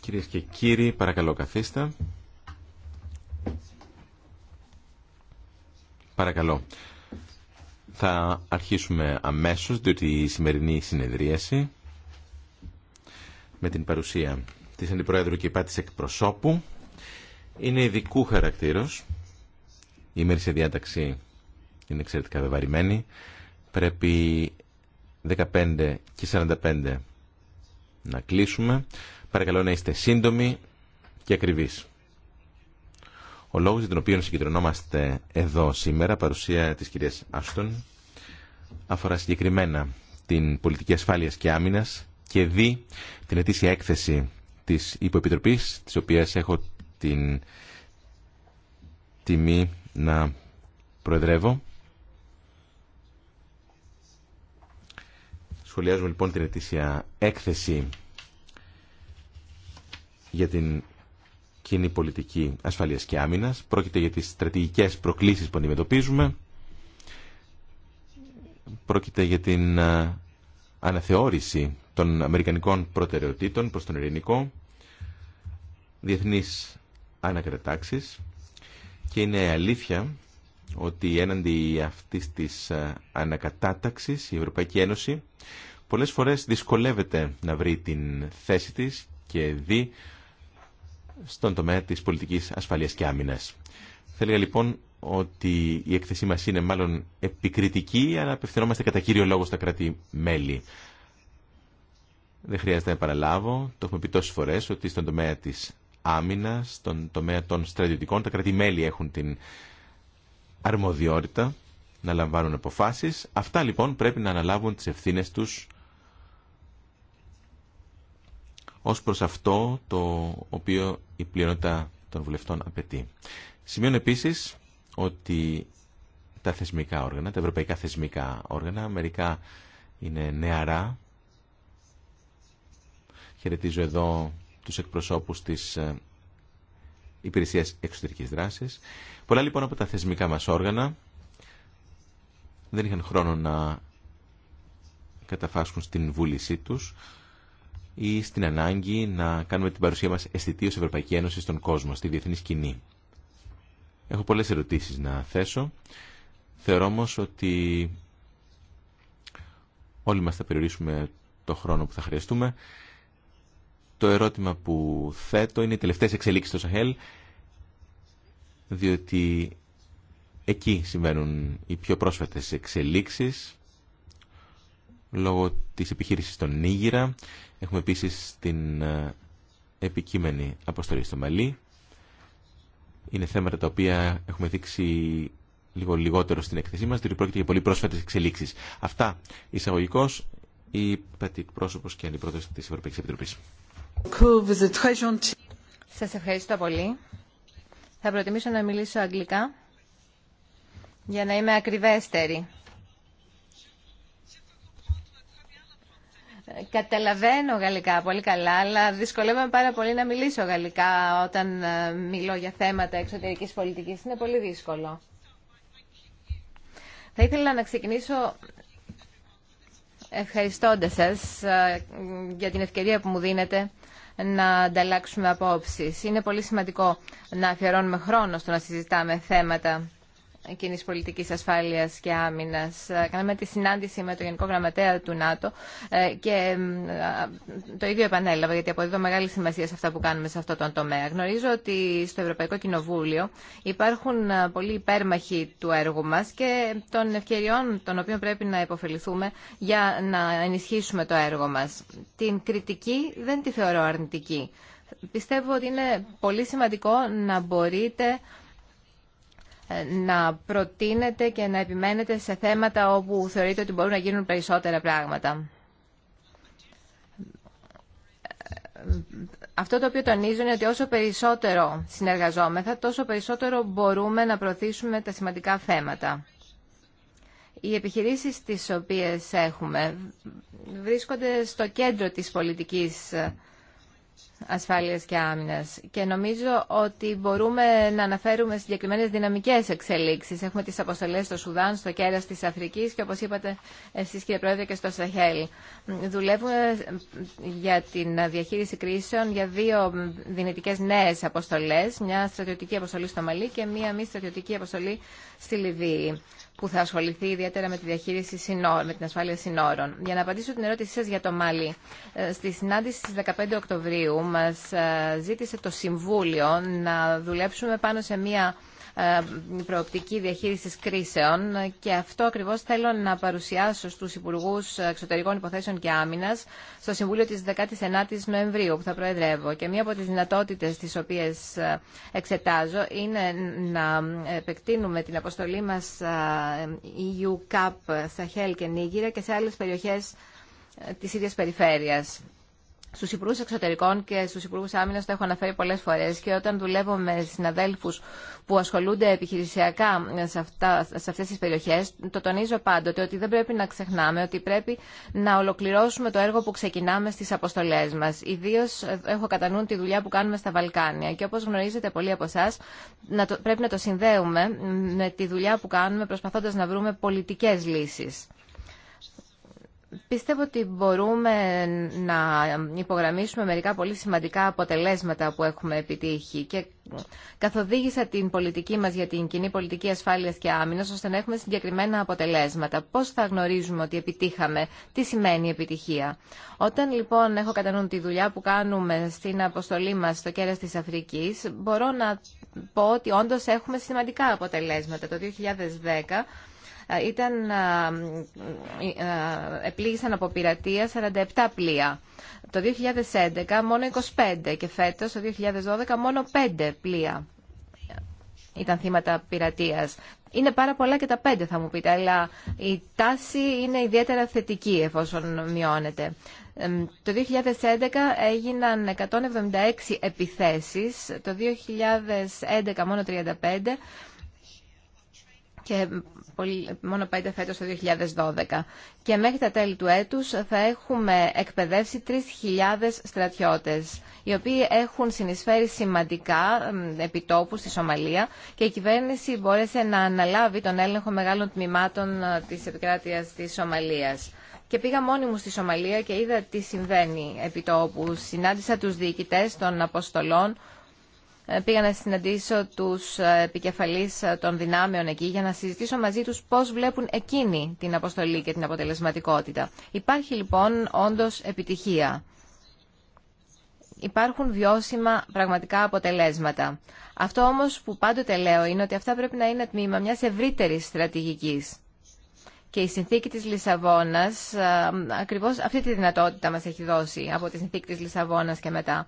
Κυρίες και κύριοι, παρακαλώ καθίστε. Παρακαλώ. Θα αρχίσουμε αμέσως, διότι η σημερινή συνεδρίαση με την παρουσία της Αντιπρόεδρου και της Εκπροσώπου είναι ειδικού χαρακτήρως. Η ημέρη σε διάταξη είναι εξαιρετικά βεβαρημένη. Πρέπει 15 και 45 να κλείσουμε. Παρακαλώ να είστε σύντομοι και ακριβείς. Ο λόγος για τον οποίο συγκεντρωνόμαστε εδώ σήμερα, παρουσία της κυρίας Άστον, αφορά συγκεκριμένα την πολιτική ασφάλειας και άμυνας και δι την ετήσια έκθεση της Υποεπιτροπής, της οποίας έχω την τιμή να προεδρεύω. Σχολιάζουμε λοιπόν την ετήσια έκθεση για την κοινή πολιτική ασφαλείας και άμυνας. Πρόκειται για τις στρατηγικές προκλήσεις που αντιμετωπίζουμε. Πρόκειται για την ε, αναθεώρηση των αμερικανικών προτεραιοτήτων προς τον ειρηνικό, διεθνής ανακρετάξεις και είναι αλήθεια ότι έναντι αυτής της ε, ανακατάταξης η Ευρωπαϊκή Ένωση πολλές φορές δυσκολεύεται να βρει την θέση της και δει στον τομέα της πολιτικής ασφαλείας και άμυνας. Θα έλεγα λοιπόν ότι η έκθεσή μας είναι μάλλον επικριτική, αλλά απευθυνόμαστε κατά κύριο λόγο στα κράτη-μέλη. Δεν χρειάζεται να παραλάβω, το έχουμε πει τόσες φορές, ότι στον τομέα της άμυνας, στον τομέα των στρατιωτικών, τα κράτη-μέλη έχουν την αρμοδιότητα να λαμβάνουν αποφάσεις. Αυτά λοιπόν πρέπει να αναλάβουν τις ευθύνες τους ως προς αυτό το οποίο η πλειονότητα των βουλευτών απαιτεί. Σημειώνω επίσης ότι τα θεσμικά όργανα, τα ευρωπαϊκά θεσμικά όργανα, μερικά είναι νεαρά. Χαιρετίζω εδώ τους εκπροσώπους της ε, Υπηρεσία Εξωτερικής Δράσης. Πολλά λοιπόν από τα θεσμικά μας όργανα δεν είχαν χρόνο να καταφάσκουν στην βούλησή τους ή στην ανάγκη να κάνουμε την παρουσία μας αισθητή Ευρωπαϊκή Ένωση στον κόσμο, στη διεθνή σκηνή. Έχω πολλές ερωτήσεις να θέσω. Θεωρώ όμω ότι όλοι μας θα περιορίσουμε το χρόνο που θα χρειαστούμε. Το ερώτημα που θέτω είναι οι τελευταίες εξελίξεις στο Σαχέλ, διότι εκεί συμβαίνουν οι πιο πρόσφατες εξελίξεις λόγω της επιχείρησης στον Νίγηρα. Έχουμε επίσης την ε, επικείμενη αποστολή στο Μαλί. Είναι θέματα τα οποία έχουμε δείξει λίγο λιγότερο στην εκθεσή μας, διότι πρόκειται για πολύ πρόσφατες εξελίξεις. Αυτά εισαγωγικώς η την πρόσωπος και πρόταση της Ευρωπαϊκής Επιτροπής. Σας ευχαριστώ πολύ. Θα προτιμήσω να μιλήσω αγγλικά για να είμαι ακριβέστερη. Καταλαβαίνω γαλλικά πολύ καλά, αλλά δυσκολεύομαι πάρα πολύ να μιλήσω γαλλικά όταν ε, μιλώ για θέματα εξωτερικής πολιτικής. Είναι πολύ δύσκολο. Θα ήθελα να ξεκινήσω ευχαριστώντας σας ε, για την ευκαιρία που μου δίνετε να ανταλλάξουμε απόψεις. Είναι πολύ σημαντικό να αφιερώνουμε χρόνο στο να συζητάμε θέματα κοινή πολιτική ασφάλεια και άμυνα. Ε, κάναμε τη συνάντηση με το Γενικό Γραμματέα του ΝΑΤΟ ε, και ε, το ίδιο επανέλαβα, γιατί αποδίδω μεγάλη σημασία σε αυτά που κάνουμε σε αυτό τον τομέα. Γνωρίζω ότι στο Ευρωπαϊκό Κοινοβούλιο υπάρχουν πολλοί υπέρμαχοι του έργου μα και των ευκαιριών των οποίων πρέπει να υποφεληθούμε για να ενισχύσουμε το έργο μα. Την κριτική δεν τη θεωρώ αρνητική. Πιστεύω ότι είναι πολύ σημαντικό να μπορείτε ε, να προτείνετε και να επιμένετε σε θέματα όπου θεωρείτε ότι μπορούν να γίνουν περισσότερα πράγματα. Αυτό το οποίο τονίζω είναι ότι όσο περισσότερο συνεργαζόμεθα, τόσο περισσότερο μπορούμε να προωθήσουμε τα σημαντικά θέματα. Οι επιχειρήσεις τις οποίες έχουμε βρίσκονται στο κέντρο της πολιτικής ασφάλειας και άμυνας. Και νομίζω ότι μπορούμε να αναφέρουμε συγκεκριμένες δυναμικές εξελίξεις. Έχουμε τις αποστολές στο Σουδάν, στο κέρας της Αφρικής και όπως είπατε εσείς κύριε Πρόεδρε και στο Σαχέλ. Δουλεύουμε ε, για την διαχείριση κρίσεων για δύο δυνητικές νέες αποστολές. Μια στρατιωτική αποστολή στο Μαλί και μια μη στρατιωτική αποστολή στη Λιβύη που θα ασχοληθεί ιδιαίτερα με τη διαχείριση συνόρων, με την ασφάλεια συνόρων. Για να απαντήσω την ερώτησή σας για το Μάλι, ε, στη συνάντηση στις 15 Οκτωβρίου μας ε, ζήτησε το Συμβούλιο να δουλέψουμε πάνω σε μια ε, προοπτική διαχείρισης κρίσεων και αυτό ακριβώς θέλω να παρουσιάσω στους Υπουργού Εξωτερικών Υποθέσεων και Άμυνα στο Συμβούλιο της 19 η Νοεμβρίου που θα προεδρεύω. Και μία από τις δυνατότητες τις οποίες ε, εξετάζω είναι να επεκτείνουμε την αποστολή μας EU ε, στα Σαχέλ και Νίγηρα και σε άλλε περιοχέ τη ίδια περιφέρεια. Στου υπουργού εξωτερικών και στου υπουργού άμυνα το έχω αναφέρει πολλέ φορέ και όταν δουλεύω με συναδέλφου που ασχολούνται επιχειρησιακά σε, σε αυτέ τι περιοχέ, το τονίζω πάντοτε ότι δεν πρέπει να ξεχνάμε ότι πρέπει να ολοκληρώσουμε το έργο που ξεκινάμε στι αποστολέ μα. Ιδίω ε, έχω κατά νου τη δουλειά που κάνουμε στα Βαλκάνια και όπω γνωρίζετε πολλοί από εσά, πρέπει να το συνδέουμε με τη δουλειά που κάνουμε προσπαθώντα να βρούμε πολιτικέ λύσει. Πιστεύω ότι μπορούμε να υπογραμμίσουμε μερικά πολύ σημαντικά αποτελέσματα που έχουμε επιτύχει και καθοδήγησα την πολιτική μας για την κοινή πολιτική ασφάλειας και άμυνας ώστε να έχουμε συγκεκριμένα αποτελέσματα. Πώς θα γνωρίζουμε ότι επιτύχαμε, τι σημαίνει επιτυχία. Όταν λοιπόν έχω κατά τη δουλειά που κάνουμε στην αποστολή μας στο κέρας της Αφρικής, μπορώ να πω ότι όντως έχουμε σημαντικά αποτελέσματα. Το 2010 ε, ήταν, ε, ε, επλήγησαν από πειρατεία 47 πλοία. Το 2011 μόνο 25 και φέτος το 2012 μόνο 5 πλοία ήταν θύματα πειρατείας. Είναι πάρα πολλά και τα πέντε θα μου πείτε, αλλά η τάση είναι ιδιαίτερα θετική εφόσον μειώνεται. Το 2011 έγιναν 176 επιθέσεις, το 2011 μόνο 35 και μόνο πέντε φέτος το 2012. Και μέχρι τα τέλη του έτους θα έχουμε εκπαιδεύσει 3.000 στρατιώτες, οι οποίοι έχουν συνεισφέρει σημαντικά επιτόπου στη Σομαλία και η κυβέρνηση μπόρεσε να αναλάβει τον έλεγχο μεγάλων τμήματων ε, της επικράτειας της Σομαλίας. Και πήγα μόνη μου στη Σομαλία και είδα τι συμβαίνει επί Συνάντησα τους διοικητές των αποστολών ε, πήγα να συναντήσω τους ε, επικεφαλείς ε, των δυνάμεων εκεί για να συζητήσω μαζί τους πώς βλέπουν εκείνοι την αποστολή και την αποτελεσματικότητα. Υπάρχει λοιπόν όντως επιτυχία. Υπάρχουν βιώσιμα πραγματικά αποτελέσματα. Αυτό όμως που πάντοτε λέω είναι ότι αυτά πρέπει να είναι τμήμα μια ευρύτερη στρατηγική. Και η συνθήκη της Λισαβόνας, ακριβώς αυτή τη δυνατότητα μας έχει δώσει από τη συνθήκη της Λισαβόνας και μετά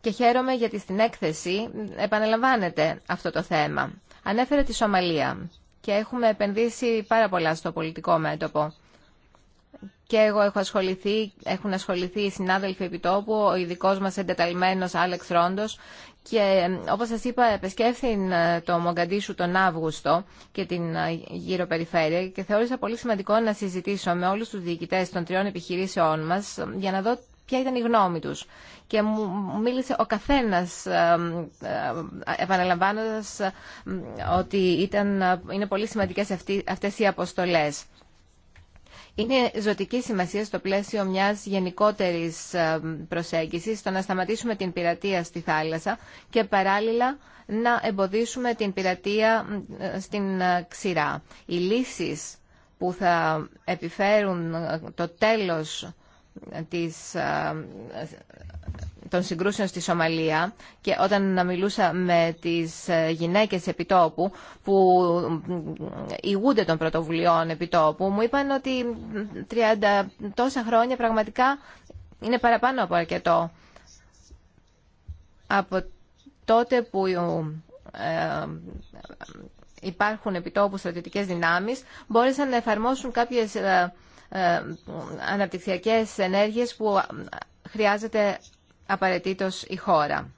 και χαίρομαι γιατί στην έκθεση επαναλαμβάνεται αυτό το θέμα. Ανέφερε τη Σομαλία και έχουμε επενδύσει πάρα πολλά στο πολιτικό μέτωπο. Και εγώ έχω ασχοληθεί, έχουν ασχοληθεί οι συνάδελφοι επιτόπου, ο ειδικό μα εντεταλμένο Άλεξ Ρόντο. Και όπω σα είπα, επεσκέφθη ε, το Μογκαντήσου τον Αύγουστο και την ε, γύρω περιφέρεια και θεώρησα πολύ σημαντικό να συζητήσω με όλου του διοικητέ των τριών επιχειρήσεών μα ε, για να δω ποια ήταν η γνώμη τους. Και μου μίλησε ο καθένας επαναλαμβάνοντα ότι ήταν, είναι πολύ σημαντικέ αυτέ οι αποστολέ. Είναι ζωτική σημασία στο πλαίσιο μιας γενικότερη προσέγγισης το να σταματήσουμε την πειρατεία στη θάλασσα και παράλληλα να εμποδίσουμε την πειρατεία στην ε, ξηρά. Οι λύσει που θα επιφέρουν ε, το τέλος των συγκρούσεων στη Σομαλία και όταν μιλούσα με τις ε, γυναίκες επιτόπου που ηγούνται των πρωτοβουλειών επιτόπου μου είπαν ότι 30 τόσα χρόνια πραγματικά είναι παραπάνω από αρκετό. Από τότε που ε, υπάρχουν επιτόπου στρατιωτικές δυνάμεις μπόρεσαν να εφαρμόσουν κάποιες ε, ε, αναπτυξιακές ενέργειες που χρειάζεται απαραίτητος η χώρα.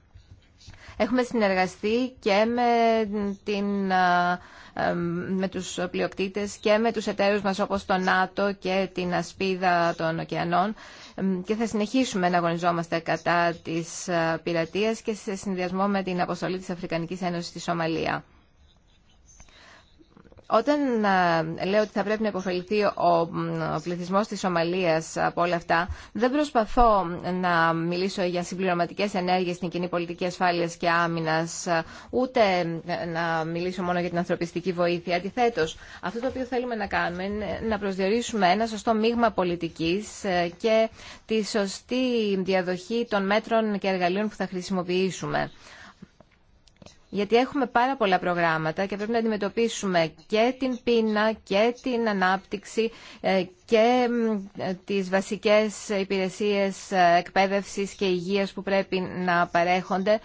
Έχουμε συνεργαστεί και με, την, ε, με τους πλειοκτήτες και με τους εταίρους μας όπως το ΝΑΤΟ και την ασπίδα των ωκεανών ε, και θα συνεχίσουμε να αγωνιζόμαστε κατά της πειρατείας και σε συνδυασμό με την αποστολή της Αφρικανικής Ένωσης στη Σομαλία. Όταν ε, λέω ότι θα πρέπει να υποφεληθεί ο πληθυσμός της Σομαλίας από όλα αυτά, δεν προσπαθώ να μιλήσω για συμπληρωματικές ενέργειες στην κοινή πολιτική ασφάλειας και άμυνας, ε, ούτε ε, να μιλήσω μόνο για την ανθρωπιστική βοήθεια. Αντιθέτω, αυτό το οποίο θέλουμε να κάνουμε είναι να προσδιορίσουμε ένα σωστό μείγμα πολιτικής και τη σωστή διαδοχή των μέτρων και εργαλείων που θα χρησιμοποιήσουμε γιατί έχουμε πάρα πολλά προγράμματα και πρέπει να αντιμετωπίσουμε και την πείνα και την ανάπτυξη ε, και ε, τις βασικές υπηρεσίες ε, εκπαίδευσης και υγείας που πρέπει να παρέχονται.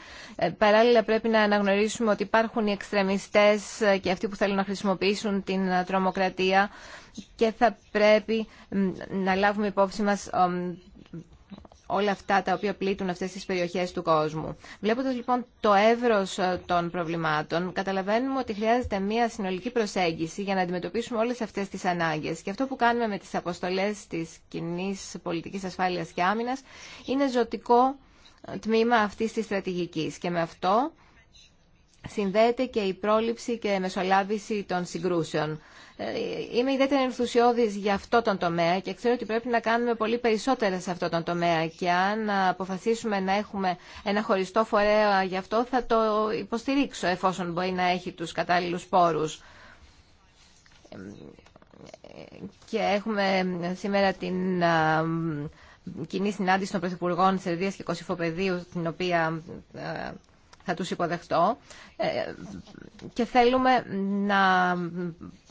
Παράλληλα πρέπει να αναγνωρίσουμε ότι υπάρχουν οι εξτρεμιστές και αυτοί που θέλουν να χρησιμοποιήσουν την τρομοκρατία και θα πρέπει να λάβουμε υπόψη μας όλα αυτά τα οποία πλήττουν αυτές τις περιοχές του κόσμου. Βλέποντας λοιπόν το εύρος ε, των προβλημάτων, καταλαβαίνουμε ότι χρειάζεται μια συνολική προσέγγιση για να αντιμετωπίσουμε όλες αυτές τις ανάγκες. Και αυτό που κάνουμε με τις αποστολές της κοινή πολιτικής ασφάλειας και άμυνας είναι ζωτικό ε, τμήμα αυτής της στρατηγικής. Και με αυτό συνδέεται και η πρόληψη και μεσολάβηση των συγκρούσεων. Ε, είμαι ιδιαίτερα ενθουσιώδη για αυτό τον τομέα και ξέρω ότι πρέπει να κάνουμε πολύ περισσότερα σε αυτό τον τομέα και αν αποφασίσουμε να έχουμε ένα χωριστό φορέα γι' αυτό θα το υποστηρίξω εφόσον μπορεί να έχει τους κατάλληλους πόρους. Και έχουμε σήμερα την κοινή συνάντηση των Πρωθυπουργών Σερβία και Κωσυφοπεδίου, την οποία θα τους υποδεχτώ ε, και θέλουμε να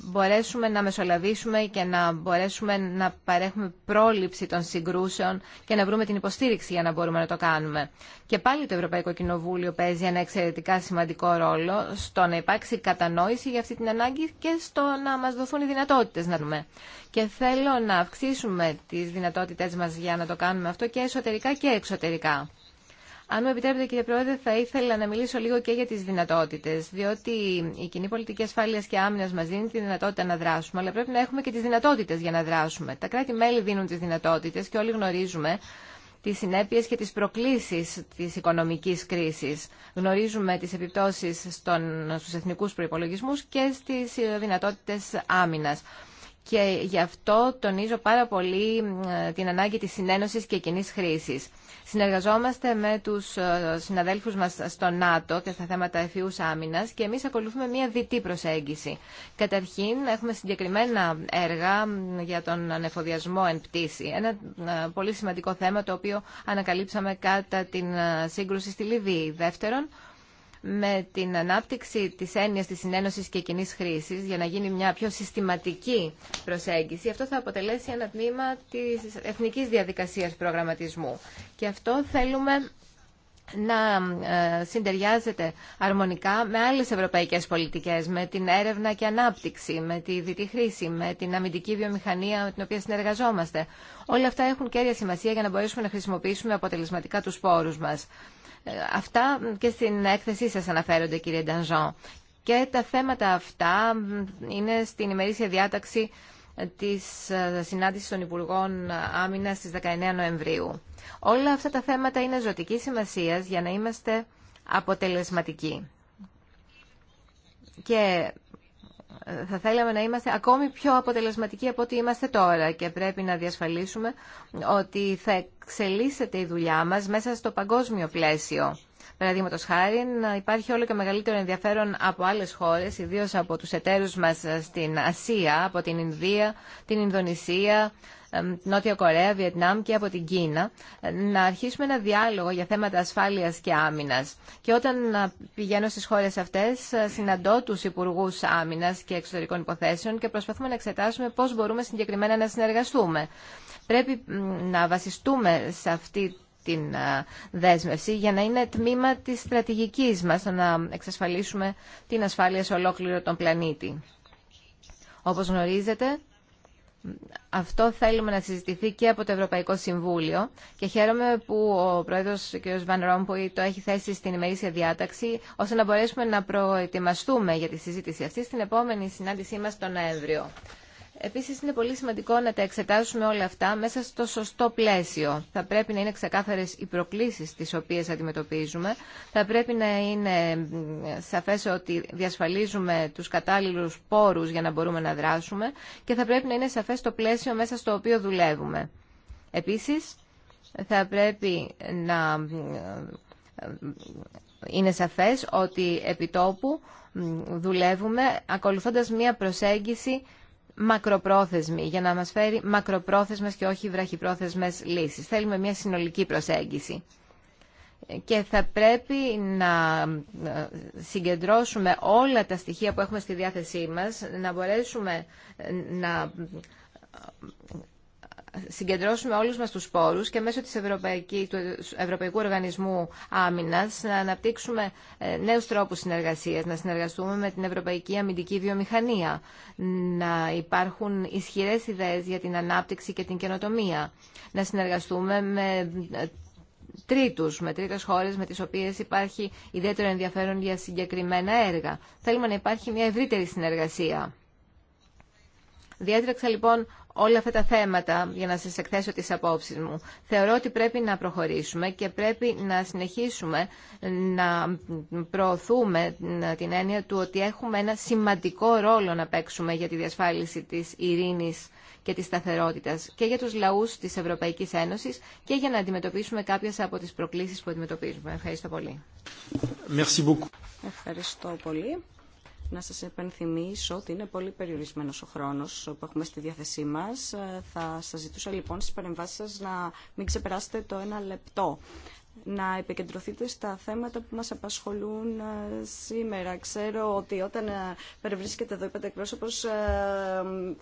μπορέσουμε να μεσολαβήσουμε και να μπορέσουμε να παρέχουμε πρόληψη των συγκρούσεων και να βρούμε την υποστήριξη για να μπορούμε να το κάνουμε. Και πάλι το Ευρωπαϊκό Κοινοβούλιο παίζει ένα εξαιρετικά σημαντικό ρόλο στο να υπάρξει κατανόηση για αυτή την ανάγκη και στο να μας δοθούν οι δυνατότητες να δούμε. Και θέλω να αυξήσουμε τις δυνατότητες μας για να το κάνουμε αυτό και εσωτερικά και εξωτερικά. Αν μου επιτρέπετε κύριε Πρόεδρε θα ήθελα να μιλήσω λίγο και για τις δυνατότητε, διότι η κοινή πολιτική ασφάλεια και άμυνας μας δίνει τη δυνατότητα να δράσουμε αλλά πρέπει να έχουμε και τις δυνατότητε για να δράσουμε. Τα κράτη-μέλη δίνουν τις δυνατότητε, και όλοι γνωρίζουμε τις συνέπειες και τι προκλήσεις τη οικονομική κρίση. Γνωρίζουμε τι επιπτώσει στου εθνικού προπολογισμού και στι ε, δυνατότητε Άμυνα και γι' αυτό τονίζω πάρα πολύ ε, την ανάγκη της συνένωσης και κοινή χρήσης. Συνεργαζόμαστε με τους ε, συναδέλφους μας στο ΝΑΤΟ και στα θέματα εφιούς άμυνας και εμείς ακολουθούμε μια διτή προσέγγιση. Καταρχήν έχουμε συγκεκριμένα έργα για τον ανεφοδιασμό εν πτήση. Ένα ε, πολύ σημαντικό θέμα το οποίο ανακαλύψαμε κατά την σύγκρουση στη Λιβύη. Δεύτερον, με την ανάπτυξη της έννοιας της συνένωσης και κοινή χρήσης για να γίνει μια πιο συστηματική προσέγγιση, αυτό θα αποτελέσει ένα τμήμα της εθνικής διαδικασίας προγραμματισμού. Και αυτό θέλουμε να ε, συντεριάζεται αρμονικά με άλλες ευρωπαϊκές πολιτικές, με την έρευνα και ανάπτυξη, με τη δυτή χρήση, με την αμυντική βιομηχανία με την οποία συνεργαζόμαστε. Όλα αυτά έχουν κέρια σημασία για να μπορέσουμε να χρησιμοποιήσουμε αποτελεσματικά τους πόρους μας. Ε, αυτά και στην έκθεσή σας αναφέρονται κύριε Ντανζόν. Και τα θέματα αυτά είναι στην ημερήσια διάταξη της ε, συνάντησης των Υπουργών Άμυνα στις 19 Νοεμβρίου. Όλα αυτά τα θέματα είναι ζωτικής σημασίας για να είμαστε αποτελεσματικοί. Και ε, θα θέλαμε να είμαστε ακόμη πιο αποτελεσματικοί από ό,τι είμαστε τώρα και πρέπει να διασφαλίσουμε ότι θα εξελίσσεται η δουλειά μας μέσα στο παγκόσμιο πλαίσιο Παραδείγματο χάρη, υπάρχει όλο και μεγαλύτερο ενδιαφέρον από άλλε χώρε, ιδίω από του εταίρου μα στην Ασία, από την Ινδία, την Ινδονησία, Νότια Κορέα, Βιετνάμ και από την Κίνα, να αρχίσουμε ένα διάλογο για θέματα ασφάλεια και άμυνα. Και όταν πηγαίνω στι χώρε αυτέ, συναντώ του υπουργού άμυνα και εξωτερικών υποθέσεων και προσπαθούμε να εξετάσουμε πώ μπορούμε συγκεκριμένα να συνεργαστούμε. Πρέπει να βασιστούμε σε αυτή την ε, δέσμευση για να είναι τμήμα της στρατηγικής μας να εξασφαλίσουμε την ασφάλεια σε ολόκληρο τον πλανήτη. Όπως γνωρίζετε, αυτό θέλουμε να συζητηθεί και από το Ευρωπαϊκό Συμβούλιο και χαίρομαι που ο Πρόεδρος κ. Βαν Ρόμπουι το έχει θέσει στην ημερήσια διάταξη ώστε να μπορέσουμε να προετοιμαστούμε για τη συζήτηση αυτή στην επόμενη συνάντησή μας τον Νοέμβριο. Επίσης είναι πολύ σημαντικό να τα εξετάσουμε όλα αυτά μέσα στο σωστό πλαίσιο. Θα πρέπει να είναι ξεκάθαρες οι προκλήσεις τις οποίες αντιμετωπίζουμε. Θα πρέπει να είναι σαφές ότι διασφαλίζουμε τους κατάλληλους πόρους για να μπορούμε να δράσουμε και θα πρέπει να είναι σαφές το πλαίσιο μέσα στο οποίο δουλεύουμε. Επίσης, θα πρέπει να είναι σαφές ότι επιτόπου δουλεύουμε ακολουθώντας μία προσέγγιση μακροπρόθεσμη, για να μας φέρει μακροπρόθεσμες και όχι βραχυπρόθεσμες λύσεις. Θέλουμε μια συνολική προσέγγιση. Και θα πρέπει να ε, συγκεντρώσουμε όλα τα στοιχεία που έχουμε στη διάθεσή μας, να μπορέσουμε ε, να συγκεντρώσουμε όλους μας τους πόρους και μέσω της Ευρωπαϊκή, του Ευρωπαϊκού Οργανισμού Άμυνας να αναπτύξουμε ε, νέους τρόπους συνεργασίας, να συνεργαστούμε με την Ευρωπαϊκή Αμυντική Βιομηχανία, να υπάρχουν ισχυρές ιδέες για την ανάπτυξη και την καινοτομία, να συνεργαστούμε με ε, τρίτους, με τρίτες χώρες με τις οποίες υπάρχει ιδιαίτερο ενδιαφέρον για συγκεκριμένα έργα. Θέλουμε να υπάρχει μια ευρύτερη συνεργασία. Διέτρεξα λοιπόν όλα αυτά τα θέματα για να σας εκθέσω τις απόψεις μου. Θεωρώ ότι πρέπει να προχωρήσουμε και πρέπει να συνεχίσουμε να προωθούμε την έννοια του ότι έχουμε ένα σημαντικό ρόλο να παίξουμε για τη διασφάλιση της ειρήνης και της σταθερότητας και για τους λαούς της Ευρωπαϊκής Ένωσης και για να αντιμετωπίσουμε κάποιες από τις προκλήσεις που αντιμετωπίζουμε. Ευχαριστώ πολύ. Ευχαριστώ πολύ να σας επενθυμίσω ότι είναι πολύ περιορισμένος ο χρόνος που έχουμε στη διάθεσή μας. Ε, θα σας ζητούσα λοιπόν στις παρεμβάσεις σας να μην ξεπεράσετε το ένα λεπτό. Να επικεντρωθείτε στα θέματα που μας απασχολούν ε, σήμερα. Ξέρω ότι όταν ε, περιβρίσκεται εδώ είπατε εκπρόσωπος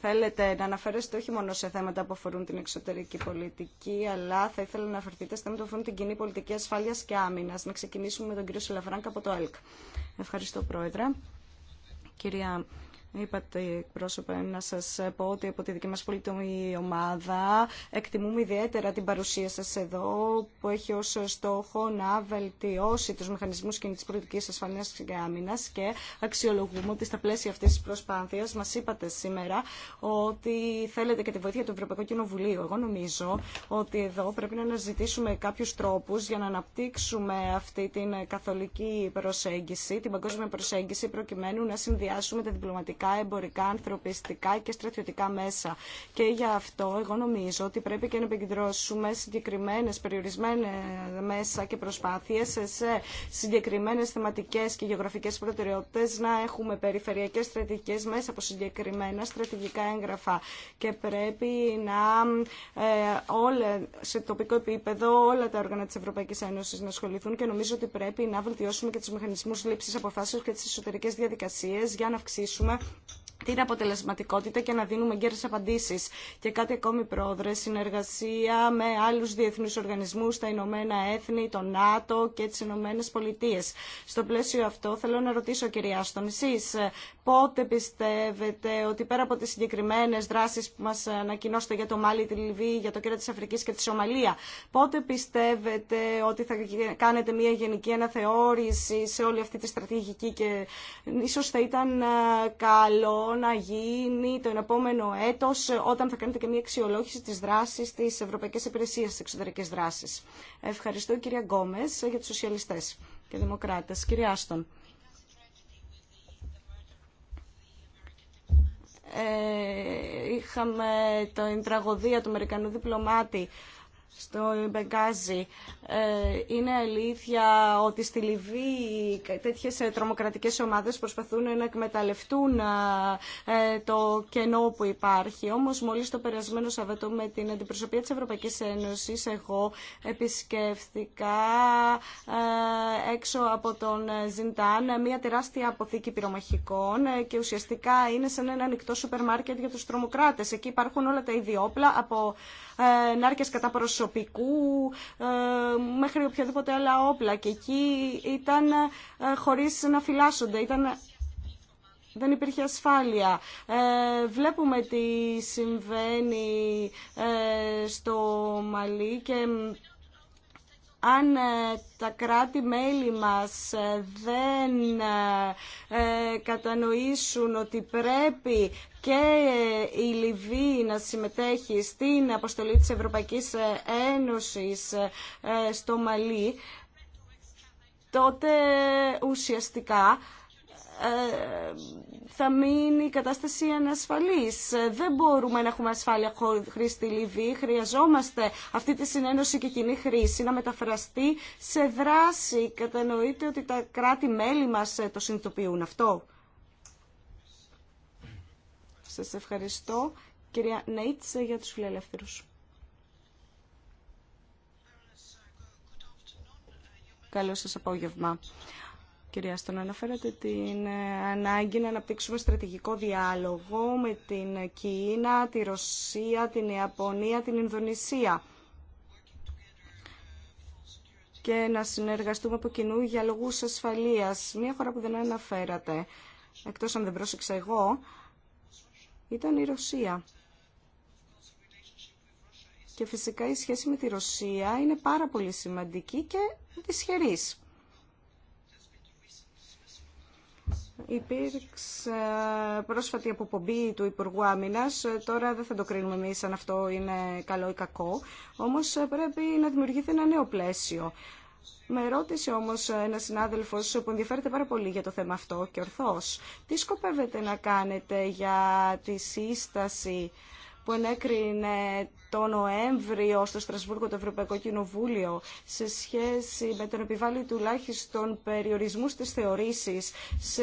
θέλετε να αναφέρεστε όχι μόνο σε θέματα που αφορούν την εξωτερική πολιτική αλλά θα ήθελα να αναφερθείτε στα θέματα που αφορούν την κοινή πολιτική ασφάλειας και άμυνας. Να ξεκινήσουμε με τον κύριο Σελαφράνκα από το ΕΛΚ. Ευχαριστώ Πρόεδρε. Κυρία Είπατε πρόσωπα να σας πω ότι από τη δική μας πολιτική ομάδα εκτιμούμε ιδιαίτερα την παρουσία σας εδώ που έχει ως στόχο να βελτιώσει τους μηχανισμούς και της πολιτικής ασφαλείας και άμυνας και αξιολογούμε ότι στα πλαίσια αυτής της προσπάθειας μας είπατε σήμερα ότι θέλετε και τη βοήθεια του Ευρωπαϊκού Κοινοβουλίου. Εγώ νομίζω ότι εδώ πρέπει να αναζητήσουμε κάποιους τρόπους για να αναπτύξουμε αυτή την καθολική προσέγγιση, την παγκόσμια προσέγγιση προκειμένου να συνδυάσουμε τα διπλωματικά εμπορικά, ανθρωπιστικά και στρατιωτικά μέσα. Και γι' αυτό εγώ νομίζω ότι πρέπει και να επικεντρώσουμε συγκεκριμένε περιορισμένε μέσα και προσπάθειε σε συγκεκριμένε θεματικέ και γεωγραφικέ προτεραιότητε, να έχουμε περιφερειακέ στρατηγικέ μέσα από συγκεκριμένα στρατηγικά έγγραφα. Και πρέπει να ε, όλα, σε τοπικό επίπεδο όλα τα όργανα τη Ευρωπαϊκή Ένωση να ασχοληθούν και νομίζω ότι πρέπει να βελτιώσουμε και του μηχανισμού λήψη αποφάσεων και τι εσωτερικέ διαδικασίε για να αυξήσουμε την αποτελεσματικότητα και να δίνουμε γκέρες απαντήσεις. Και κάτι ακόμη Πρόεδρε, συνεργασία με άλλους διεθνούς οργανισμούς, τα Ηνωμένα Έθνη, το ΝΑΤΟ και τις Ηνωμένε Πολιτείε. Στο πλαίσιο αυτό θέλω να ρωτήσω κυρία Άστον, πότε πιστεύετε ότι πέρα από τις συγκεκριμένες δράσεις που μας ανακοινώσετε για το Μάλι, τη Λιβύη, για το κύριο της Αφρικής και τη Σομαλία, πότε πιστεύετε ότι θα κάνετε μια γενική αναθεώρηση σε όλη αυτή τη στρατηγική και ίσως θα ήταν καλό να γίνει το επόμενο έτος ε, όταν θα κάνετε και μια αξιολόγηση της δράσης της Ευρωπαϊκής Υπηρεσίας στις εξωτερικές δράσεις. Ευχαριστώ κυρία Γκόμες ε, για τους σοσιαλιστές και δημοκράτες. Κυρία Άστον. Ε, είχαμε την τραγωδία του Αμερικανού διπλωμάτη στο Μπεγκάζι. Ε, είναι αλήθεια ότι στη Λιβύη τέτοιες ε, τρομοκρατικές ομάδες προσπαθούν να εκμεταλλευτούν ε, το κενό που υπάρχει. Όμως μόλις το περασμένο Σαββατό με την αντιπροσωπεία της Ευρωπαϊκής Ένωσης εγώ επισκέφθηκα έξω από τον Ζιντάν μια τεράστια αποθήκη πυρομαχικών και ουσιαστικά είναι σαν ένα ανοιχτό σούπερ μάρκετ για τους τρομοκράτες. Εκεί υπάρχουν όλα τα ιδιόπλα από ε, νάρκες κατά προσωπικού ε, μέχρι οποιαδήποτε άλλα όπλα και εκεί ήταν ε, χωρίς να φυλάσσονται, ήταν δεν υπήρχε ασφάλεια. βλέπουμε τι συμβαίνει στο Μαλί και αν ε, τα κράτη-μέλη μας ε, δεν ε, κατανοήσουν ότι πρέπει και η Λιβύη να συμμετέχει στην αποστολή της Ευρωπαϊκής Ένωσης στο Μαλί, τότε ουσιαστικά ε, θα μείνει η κατάσταση ανασφαλής. Ε, δεν μπορούμε να έχουμε ασφάλεια χωρίς τη Λιβύη. Χρειαζόμαστε αυτή τη συνένωση και κοινή χρήση να μεταφραστεί σε δράση. Κατανοείτε ότι τα κράτη-μέλη μας ε, το συνειδητοποιούν αυτό. Σας ευχαριστώ. Κυρία Νέιτς για τους φιλελεύθερους. Καλό σας απόγευμα. Κυρία Στον, αναφέρατε την ε, ανάγκη να αναπτύξουμε στρατηγικό διάλογο με την Κίνα, τη Ρωσία, την Ιαπωνία, την Ινδονησία και να συνεργαστούμε από κοινού για λόγους ασφαλείας. Μία χώρα που δεν αναφέρατε, εκτός αν δεν πρόσεξα εγώ, ήταν η Ρωσία. Και φυσικά η σχέση με τη Ρωσία είναι πάρα πολύ σημαντική και δυσχερής. Υπήρξε πρόσφατη αποπομπή του Υπουργού Άμυνα. Τώρα δεν θα το κρίνουμε εμεί αν αυτό είναι καλό ή κακό. Όμω πρέπει να δημιουργηθεί ένα νέο πλαίσιο. Με ρώτησε όμω ένα συνάδελφο που ενδιαφέρεται πάρα πολύ για το θέμα αυτό και ορθώ. Τι σκοπεύετε να κάνετε για τη σύσταση που ενέκρινε το Νοέμβριο στο Στρασβούργο το Ευρωπαϊκό Κοινοβούλιο σε σχέση με τον επιβάλλη τουλάχιστον περιορισμού στις θεωρήσεις σε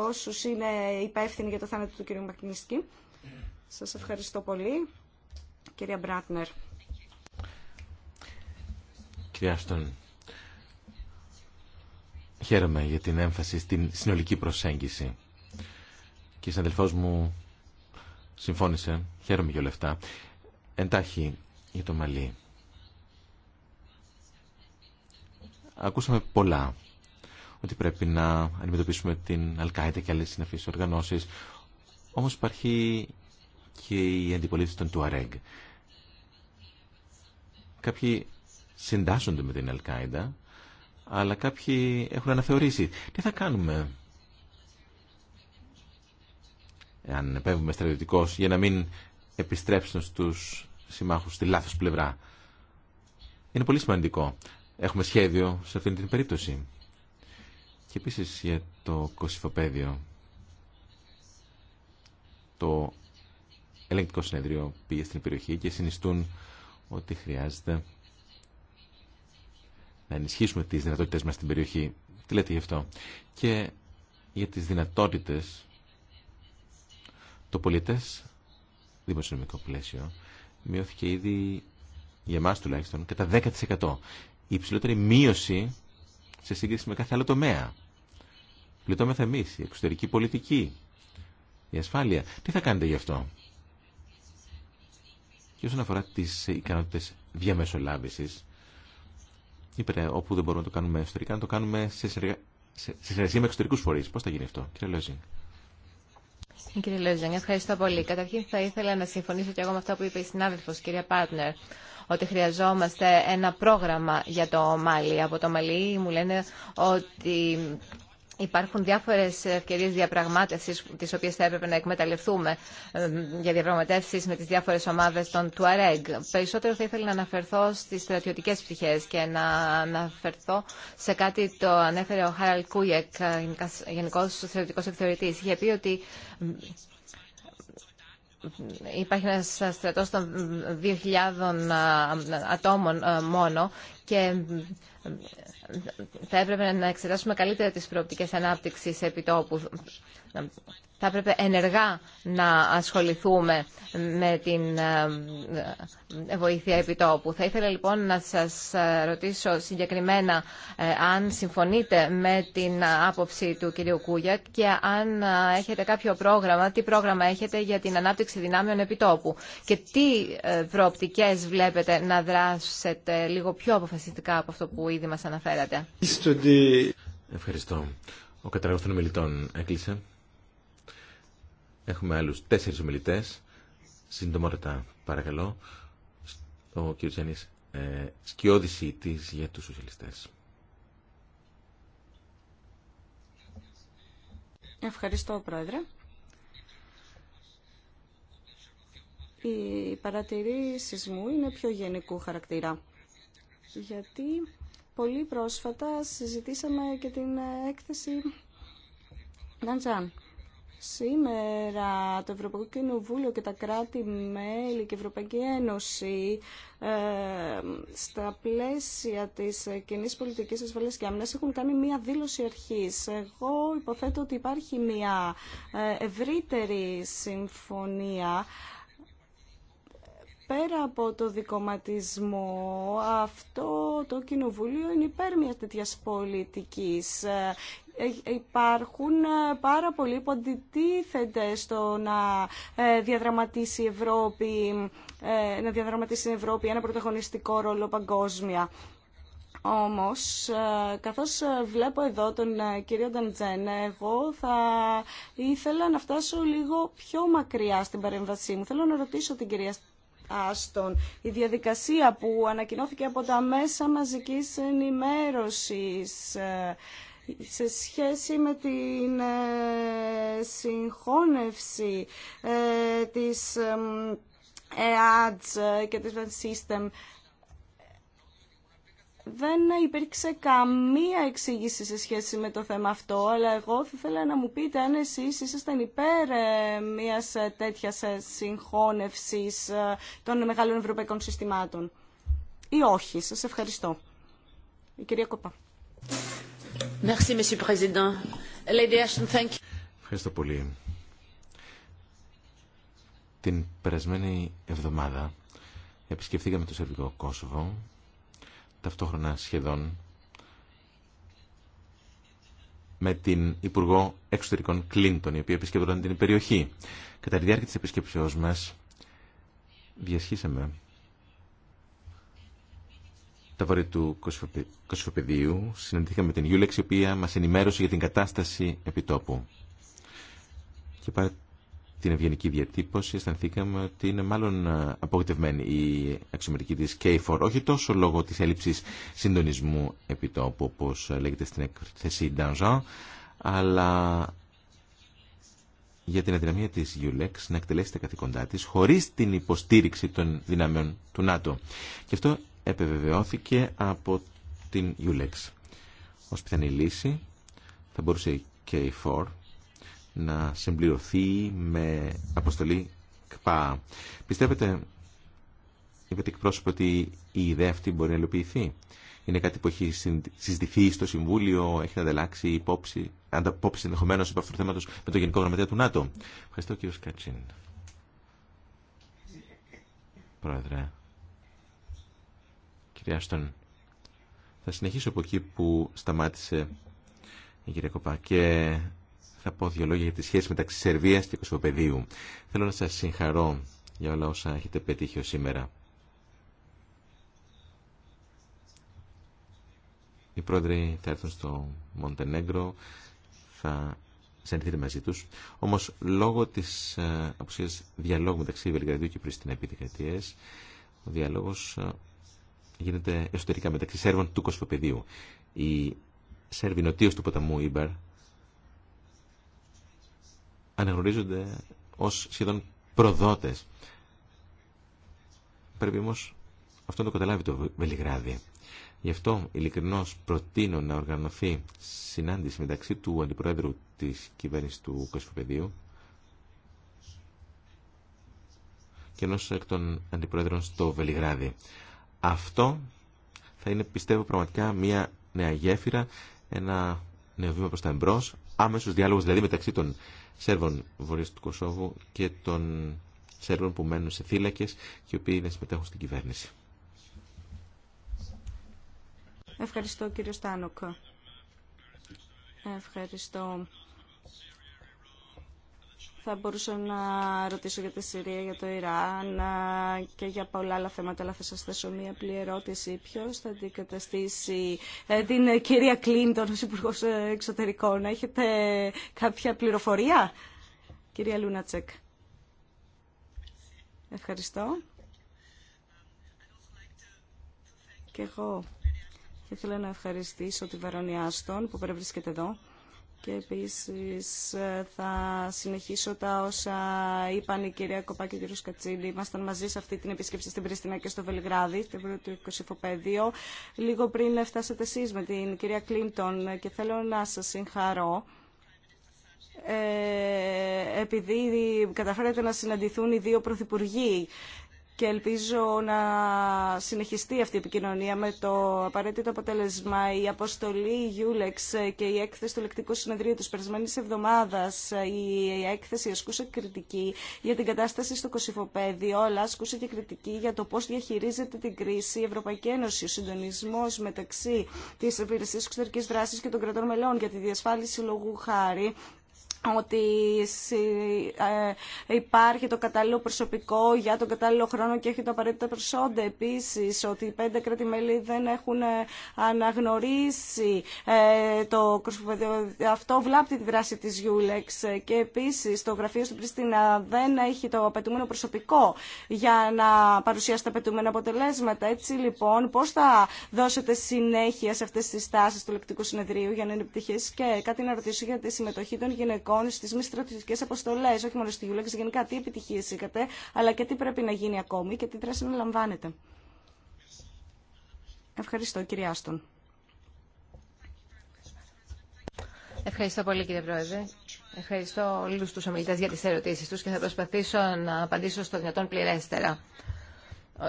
όσους είναι υπεύθυνοι για το θάνατο του κ. Μακνίσκη. Σας ευχαριστώ πολύ. Κυρία Μπράτνερ. Κυρία Άστον, χαίρομαι για την έμφαση στην συνολική προσέγγιση. Και αδελφός μου Συμφώνησε. Χαίρομαι για όλα αυτά. Εντάχει για το Μαλή. Ακούσαμε πολλά. Ότι πρέπει να αντιμετωπίσουμε την Αλκάιντα και άλλε συναφείς οργανώσεις. Όμως υπάρχει και η αντιπολίτευση των Τουαρέγ. Κάποιοι συντάσσονται με την Αλκάιντα, αλλά κάποιοι έχουν αναθεωρήσει. Τι θα κάνουμε αν επέμβουμε στρατιωτικώς, για να μην επιστρέψουν στους συμμάχους στη λάθος πλευρά. Είναι πολύ σημαντικό. Έχουμε σχέδιο σε αυτή την περίπτωση. Και επίσης για το κοσυφοπαίδιο, το ελεγκτικό συνεδρίο πήγε στην περιοχή και συνιστούν ότι χρειάζεται να ενισχύσουμε τις δυνατότητες μας στην περιοχή. Τι λέτε γι' αυτό. Και για τις δυνατότητες το πολίτε, δημοσιονομικό πλαίσιο μειώθηκε ήδη για εμά τουλάχιστον κατά 10%. Η υψηλότερη μείωση σε σύγκριση με κάθε άλλο τομέα. Πληττόμεθα εμεί, η εξωτερική πολιτική, η ασφάλεια. Τι θα κάνετε γι' αυτό. Και όσον αφορά τι ικανότητε διαμεσολάβηση, είπε όπου δεν μπορούμε να το κάνουμε εσωτερικά, να το κάνουμε σε συνεργασία με εξωτερικού φορεί. Πώ θα γίνει αυτό, κύριε Λόζινγκ. Κύριε Λέζον, ευχαριστώ πολύ. Καταρχήν θα ήθελα να συμφωνήσω και εγώ με αυτά που είπε η συνάδελφος, κυρία Πάρτνερ, ότι χρειαζόμαστε ένα πρόγραμμα για το Μάλι. Από το Μαλί μου λένε ότι Υπάρχουν διάφορε ευκαιρίε διαπραγμάτευση, τις οποίες θα έπρεπε να εκμεταλλευτούμε για διαπραγματεύσεις με τις διάφορες ομάδες των ΑΡΕΓ. Περισσότερο θα ήθελα να αναφερθώ στις στρατιωτικέ πτυχές και να αναφερθώ σε κάτι το ανέφερε ο Χάραλ ε, Κούιεκ, γενικός στρατιωτικό εκθεωρητή. Είχε πει ότι υπάρχει ένα στρατό των 2.000 ατόμων μόνο και θα έπρεπε να εξετάσουμε καλύτερα τις προοπτικές ανάπτυξης επιτόπου θα έπρεπε ενεργά να ασχοληθούμε με την ε, ε, βοήθεια επιτόπου. Θα ήθελα λοιπόν να σας ε, ρωτήσω συγκεκριμένα αν συμφωνείτε με την άποψη του κυρίου Κούγιακ και αν έχετε κάποιο πρόγραμμα, τι πρόγραμμα έχετε για την ανάπτυξη δυνάμεων επιτόπου και τι προοπτικές βλέπετε να δράσετε λίγο πιο αποφασιστικά από αυτό που ήδη μας αναφέρατε. Ευχαριστώ. Ο των έκλεισε. Έχουμε άλλους τέσσερις ομιλητές. Συντομότητα, παρακαλώ. Ο κ. Τζένης, ε, σκιώδηση της για τους σοσιαλιστές. Ευχαριστώ, Πρόεδρε. Οι παρατηρήσει μου είναι πιο γενικού χαρακτήρα. Γιατί πολύ πρόσφατα συζητήσαμε και την έκθεση Ναντζάν. Σήμερα το Ευρωπαϊκό Κοινοβούλιο και τα κράτη-μέλη και η Ευρωπαϊκή Ένωση ε, στα πλαίσια της κοινή πολιτικής ασφαλείας και άμυνας έχουν κάνει μία δήλωση αρχής. Εγώ υποθέτω ότι υπάρχει μία ε, ευρύτερη συμφωνία πέρα από το δικοματισμό, αυτό το κοινοβούλιο είναι υπέρ μία τέτοιας πολιτικής υπάρχουν ε, πάρα πολλοί που αντιτίθεται στο να ε, διαδραματίσει η Ευρώπη, ε, να διαδραματίσει η Ευρώπη ένα πρωταγωνιστικό ρόλο παγκόσμια. Όμως, καθώς βλέπω εδώ τον κύριο Νταντζέν, εγώ θα ήθελα να φτάσω λίγο πιο μακριά στην παρέμβασή μου. Θέλω να ρωτήσω την κυρία Άστον, η διαδικασία που ανακοινώθηκε από τα μέσα μαζικής ενημέρωσης σε σχέση με την ε, συγχώνευση ε, της ads ε και της Van System δεν υπήρξε καμία εξήγηση σε σχέση με το θέμα αυτό, αλλά εγώ θα ήθελα να μου πείτε αν εσείς ήσασταν υπέρ μιας τέτοιας συγχώνευσης των μεγάλων ευρωπαϊκών συστημάτων ή όχι. Σας ευχαριστώ. Η κυρία Κοπά. Ευχαριστώ πολύ. Την περασμένη εβδομάδα επισκεφθήκαμε το Σερβικό Κόσοβο, ταυτόχρονα σχεδόν με την Υπουργό Εξωτερικών Κλίντον, η οποία επισκεφτόταν την περιοχή. Κατά τη διάρκεια της επισκεψεώς μας διασχίσαμε τα βόρεια του Κοσφοπεδίου συναντήθηκα με την Γιούλεξ η οποία μα ενημέρωσε για την κατάσταση επιτόπου. Και παρά την ευγενική διατύπωση αισθανθήκαμε ότι είναι μάλλον ε, απογοητευμένη η αξιωματική τη K4, όχι τόσο λόγω τη έλλειψη συντονισμού επιτόπου όπω λέγεται στην εκθεσή Ντανζό. αλλά για την αδυναμία τη Γιούλεξ να εκτελέσει τα καθηκοντά τη χωρί την υποστήριξη των δυνάμεων του ΝΑΤΟ. Και αυτό επιβεβαιώθηκε από την Ulex. Ως πιθανή λύση θα μπορούσε και η k να συμπληρωθεί με αποστολή ΚΠΑ. Πιστεύετε, είπατε εκπρόσωπο, ότι η ιδέα αυτή μπορεί να υλοποιηθεί. Είναι κάτι που έχει συζητηθεί στο Συμβούλιο, έχει ανταλλάξει υπόψη, ανταπόψη ενδεχομένω από αυτού του θέματο με το Γενικό Γραμματέα του ΝΑΤΟ. Ευχαριστώ, κύριο Σκάτσίν. Πρόεδρε κυρία Θα συνεχίσω από εκεί που σταμάτησε η κυρία Κοπά και θα πω δύο λόγια για τη σχέση μεταξύ Σερβίας και Κωσοπεδίου. Θέλω να σας συγχαρώ για όλα όσα έχετε πετύχει ως σήμερα. Οι πρόεδροι θα έρθουν στο Μοντενέγκρο, θα συνεχίσετε μαζί τους. Όμως λόγω της ε, απουσίας διαλόγου μεταξύ Βελγραδίου και Πριστίνα επί ο διάλογος ε, γίνεται εσωτερικά μεταξύ Σέρβων του Κοσμοπεδίου. Οι Σέρβοι του ποταμού Ήμπαρ αναγνωρίζονται ως σχεδόν προδότες. Πρέπει όμως αυτό να το καταλάβει το Βελιγράδι. Γι' αυτό ειλικρινώς προτείνω να οργανωθεί συνάντηση μεταξύ του Αντιπροέδρου της κυβέρνησης του Κοσμοπεδίου και ενός εκ των Αντιπροέδρων στο Βελιγράδι. Αυτό θα είναι πιστεύω πραγματικά μια νέα γέφυρα, ένα νέο βήμα προς τα εμπρός, άμεσος διάλογος δηλαδή μεταξύ των Σέρβων βορείας του Κωσόβου και των Σέρβων που μένουν σε θύλακες και οι οποίοι να συμμετέχουν στην κυβέρνηση. Ευχαριστώ κύριο Στάνοκ. Ευχαριστώ θα μπορούσα να ρωτήσω για τη Συρία, για το Ιράν και για πολλά άλλα θέματα, αλλά θα σας θέσω μία απλή ερώτηση. Ποιος θα αντικαταστήσει ε, την κυρία Κλίντον ως Υπουργός Εξωτερικών. Έχετε κάποια πληροφορία, κυρία Λούνατσεκ. Ευχαριστώ. Και εγώ θα ήθελα να ευχαριστήσω τη Βαρονιά Άστον που παρευρίσκεται εδώ και επίσης ε, θα συνεχίσω τα όσα είπαν η κυρία Κοπά και ο κύριος Κατσίνη. Ήμασταν μαζί σε αυτή την επίσκεψη στην Πριστινά και στο Βελιγράδι, το πρώτο κοσυφοπαίδιο, λίγο πριν φτάσατε εσείς με την κυρία Κλίντον ε, και θέλω να σας συγχαρώ. Ε, επειδή καταφέρατε να συναντηθούν οι δύο πρωθυπουργοί και ελπίζω να συνεχιστεί αυτή η επικοινωνία με το απαραίτητο αποτέλεσμα. Η αποστολή Γιούλεξ και η έκθεση του λεκτικού συνεδρίου της περσμένης εβδομάδας, η έκθεση ασκούσε κριτική για την κατάσταση στο Κωσυφοπέδιο, αλλά ασκούσε και κριτική για το πώς διαχειρίζεται την κρίση η Ευρωπαϊκή Ένωση, ο συντονισμός μεταξύ της υπηρεσίας εξωτερικής δράσης και των κρατών μελών για τη διασφάλιση λόγου χάρη ότι ε, υπάρχει το κατάλληλο προσωπικό για τον κατάλληλο χρόνο και έχει τα απαραίτητα προσόντα. Επίσης, ότι οι πέντε κράτη-μέλη δεν έχουν ε, αναγνωρίσει ε, το Αυτό βλάπτει τη δράση της Γιούλεξ. Και επίσης, το γραφείο στην Πριστίνα δεν έχει το απαιτούμενο προσωπικό για να παρουσιάσει τα απαιτούμενα αποτελέσματα. Έτσι, λοιπόν, πώς θα δώσετε συνέχεια σε αυτές τις τάσει του λεκτικού συνεδρίου για να είναι επιτυχές και κάτι να ρωτήσω για τη συμμετοχή των γυναικών εικόνε, στι μη στρατιωτικέ αποστολέ, όχι μόνο στη Γιουλέξ, γενικά τι επιτυχίε είχατε, αλλά και τι πρέπει να γίνει ακόμη και τι δράση να λαμβάνετε. Ευχαριστώ, κυρία Άστον. Ευχαριστώ πολύ, κύριε Πρόεδρε. Ευχαριστώ όλου του ομιλητέ για τι ερωτήσει του και θα προσπαθήσω να απαντήσω στο δυνατόν πληρέστερα.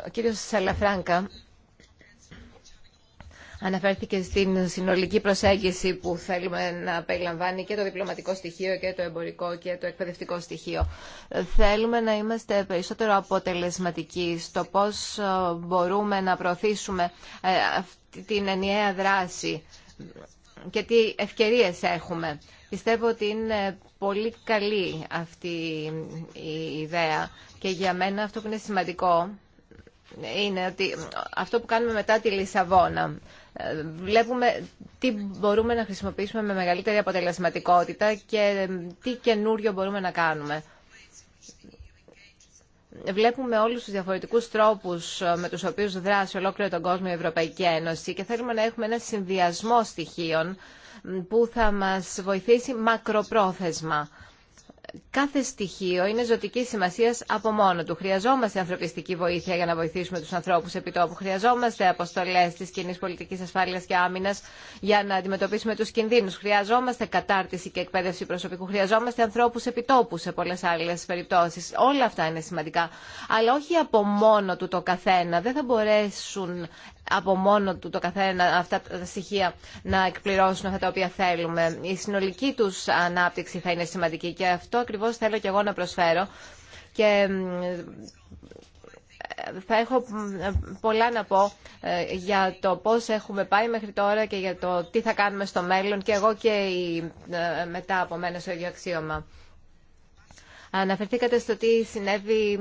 Ο κύριο Σαλαφράγκα Αναφέρθηκε στην συνολική προσέγγιση που θέλουμε να περιλαμβάνει και το διπλωματικό στοιχείο και το εμπορικό και το εκπαιδευτικό στοιχείο. Θέλουμε να είμαστε περισσότερο αποτελεσματικοί στο πώς ε, μπορούμε να προωθήσουμε ε, αυτή την ενιαία δράση και τι ευκαιρίες έχουμε. Πιστεύω ότι είναι πολύ καλή αυτή η ιδέα και για μένα αυτό που είναι σημαντικό είναι ότι αυτό που κάνουμε μετά τη Λισαβόνα βλέπουμε τι μπορούμε να χρησιμοποιήσουμε με μεγαλύτερη αποτελεσματικότητα και τι καινούριο μπορούμε να κάνουμε. Βλέπουμε όλους τους διαφορετικούς τρόπους ε, με τους οποίους δράσει ολόκληρο τον κόσμο η Ευρωπαϊκή Ένωση και θέλουμε να έχουμε ένα συνδυασμό στοιχείων που θα μας βοηθήσει μακροπρόθεσμα κάθε στοιχείο είναι ζωτική σημασία από μόνο του. Χρειαζόμαστε ανθρωπιστική βοήθεια για να βοηθήσουμε του ανθρώπου επιτόπου Χρειαζόμαστε αποστολέ τη κοινή πολιτική ασφάλεια και άμυνα για να αντιμετωπίσουμε του κινδύνου. Χρειαζόμαστε κατάρτιση και εκπαίδευση προσωπικού. Χρειαζόμαστε ανθρώπου επιτόπου σε πολλέ άλλε περιπτώσει. Όλα αυτά είναι σημαντικά. Αλλά όχι από μόνο του το καθένα. Δεν θα μπορέσουν από μόνο του το καθένα αυτά τα στοιχεία να εκπληρώσουν αυτά τα οποία θέλουμε. Η συνολική τους ανάπτυξη θα είναι σημαντική και αυτό ακριβώς θέλω και εγώ να προσφέρω. Και θα έχω πολλά να πω ε, για το πώς έχουμε πάει μέχρι τώρα και για το τι θα κάνουμε στο μέλλον και εγώ και η, ε, μετά από μένα στο ίδιο αξίωμα. Αναφερθήκατε στο τι συνέβη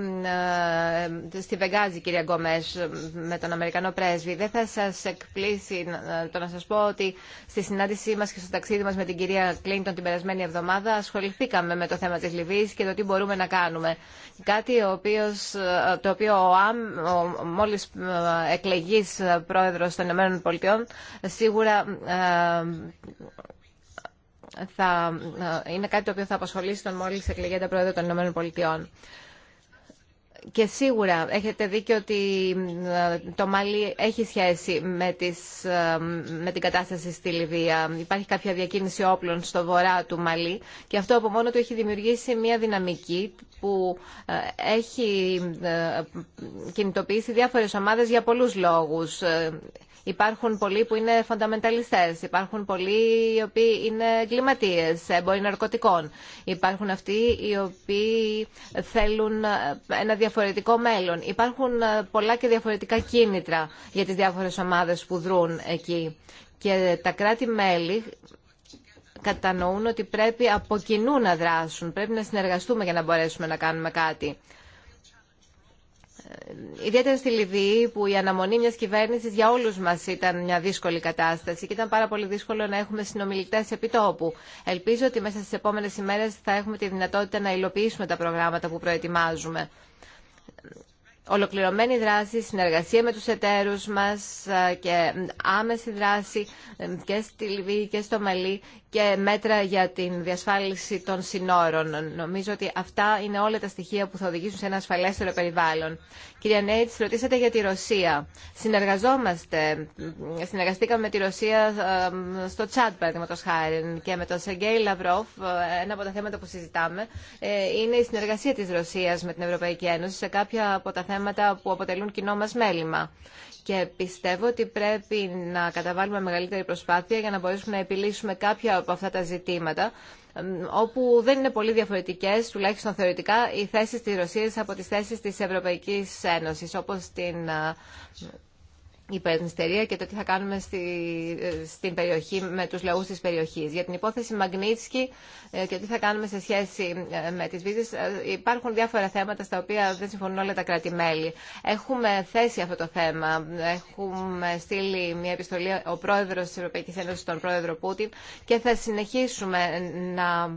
ε, στη Βεγγάζη, κυρία Γκόμες, με τον Αμερικανό πρέσβη. Δεν θα σας εκπλήσει το να σα πω ότι στη συνάντησή μας και στο ταξίδι μας με την κυρία Κλίντον την περασμένη εβδομάδα ασχοληθήκαμε με το θέμα της Λιβύη και το τι μπορούμε να κάνουμε. Κάτι ε, το οποίο ο, Άμ μόλις ε, εκλεγής πρόεδρος των ΗΠΑ σίγουρα θα ε, είναι κάτι το οποίο θα απασχολήσει τον μόλις εκλεγέντα πρόεδρο των Ηνωμένων Πολιτειών. Και σίγουρα έχετε δίκιο ότι ε, το Μάλι έχει σχέση με, τις, ε, με την κατάσταση στη Λιβύα. Υπάρχει κάποια διακίνηση όπλων στο βορρά του Μαλί και αυτό από μόνο του έχει δημιουργήσει μια δυναμική που έχει κινητοποιήσει διάφορες ομάδες για πολλούς λόγους. Υπάρχουν πολλοί που είναι φονταμενταλιστές, υπάρχουν πολλοί οι οποίοι είναι εγκληματίε, εμποροί ναρκωτικών. Υπάρχουν αυτοί οι οποίοι θέλουν ε, ένα διαφορετικό μέλλον. Υπάρχουν ε, πολλά και διαφορετικά κίνητρα για τις διάφορε ομάδες που δρούν εκεί. Και τα κράτη-μέλη κατανοούν ότι πρέπει από κοινού να δράσουν, πρέπει να συνεργαστούμε για να μπορέσουμε να κάνουμε κάτι. Ε, ιδιαίτερα στη Λιβύη που η αναμονή μιας κυβέρνησης για όλους μας ήταν μια δύσκολη κατάσταση και ήταν πάρα πολύ δύσκολο να έχουμε συνομιλητές επιτόπου. Ελπίζω ότι μέσα στις επόμενες ημέρες θα έχουμε τη δυνατότητα να υλοποιήσουμε τα προγράμματα που προετοιμάζουμε. Ολοκληρωμένη δράση, συνεργασία με τους εταίρους μας ε, και άμεση δράση ε, και στη Λιβύη και στο Μαλή και μέτρα για την διασφάλιση των συνόρων. Νομίζω ότι αυτά είναι όλα τα στοιχεία που θα οδηγήσουν σε ένα ασφαλέστερο περιβάλλον. Κυρία Νέιτς, ρωτήσατε για τη Ρωσία. Συνεργαζόμαστε, συνεργαστήκαμε με τη Ρωσία στο Τσάντ, παραδείγματο χάρη, και με τον Σεγγέη Λαυρόφ. Ε, ένα από τα θέματα που συζητάμε ε, είναι η συνεργασία της Ρωσίας με την Ευρωπαϊκή Ένωση σε κάποια από τα θέματα που αποτελούν κοινό μας μέλημα και πιστεύω ότι πρέπει να καταβάλουμε μεγαλύτερη προσπάθεια για να μπορέσουμε να επιλύσουμε κάποια από αυτά τα ζητήματα όπου δεν είναι πολύ διαφορετικές, τουλάχιστον θεωρητικά, οι θέσεις της Ρωσίας από τις θέσεις της Ευρωπαϊκής Ένωσης, όπως την υπερνηστερία και το τι θα κάνουμε στη, ε, στην περιοχή, με τους λαούς της περιοχής. Για την υπόθεση Μαγνίτσκι ε, και τι θα κάνουμε σε σχέση ε, με τις βίζες, υπάρχουν διάφορα θέματα στα οποία δεν συμφωνούν όλα τα κράτη-μέλη. Έχουμε θέσει αυτό το θέμα. Έχουμε στείλει μια επιστολή ο πρόεδρος της Ευρωπαϊκής Ένωσης, τον πρόεδρο Πούτιν και θα συνεχίσουμε να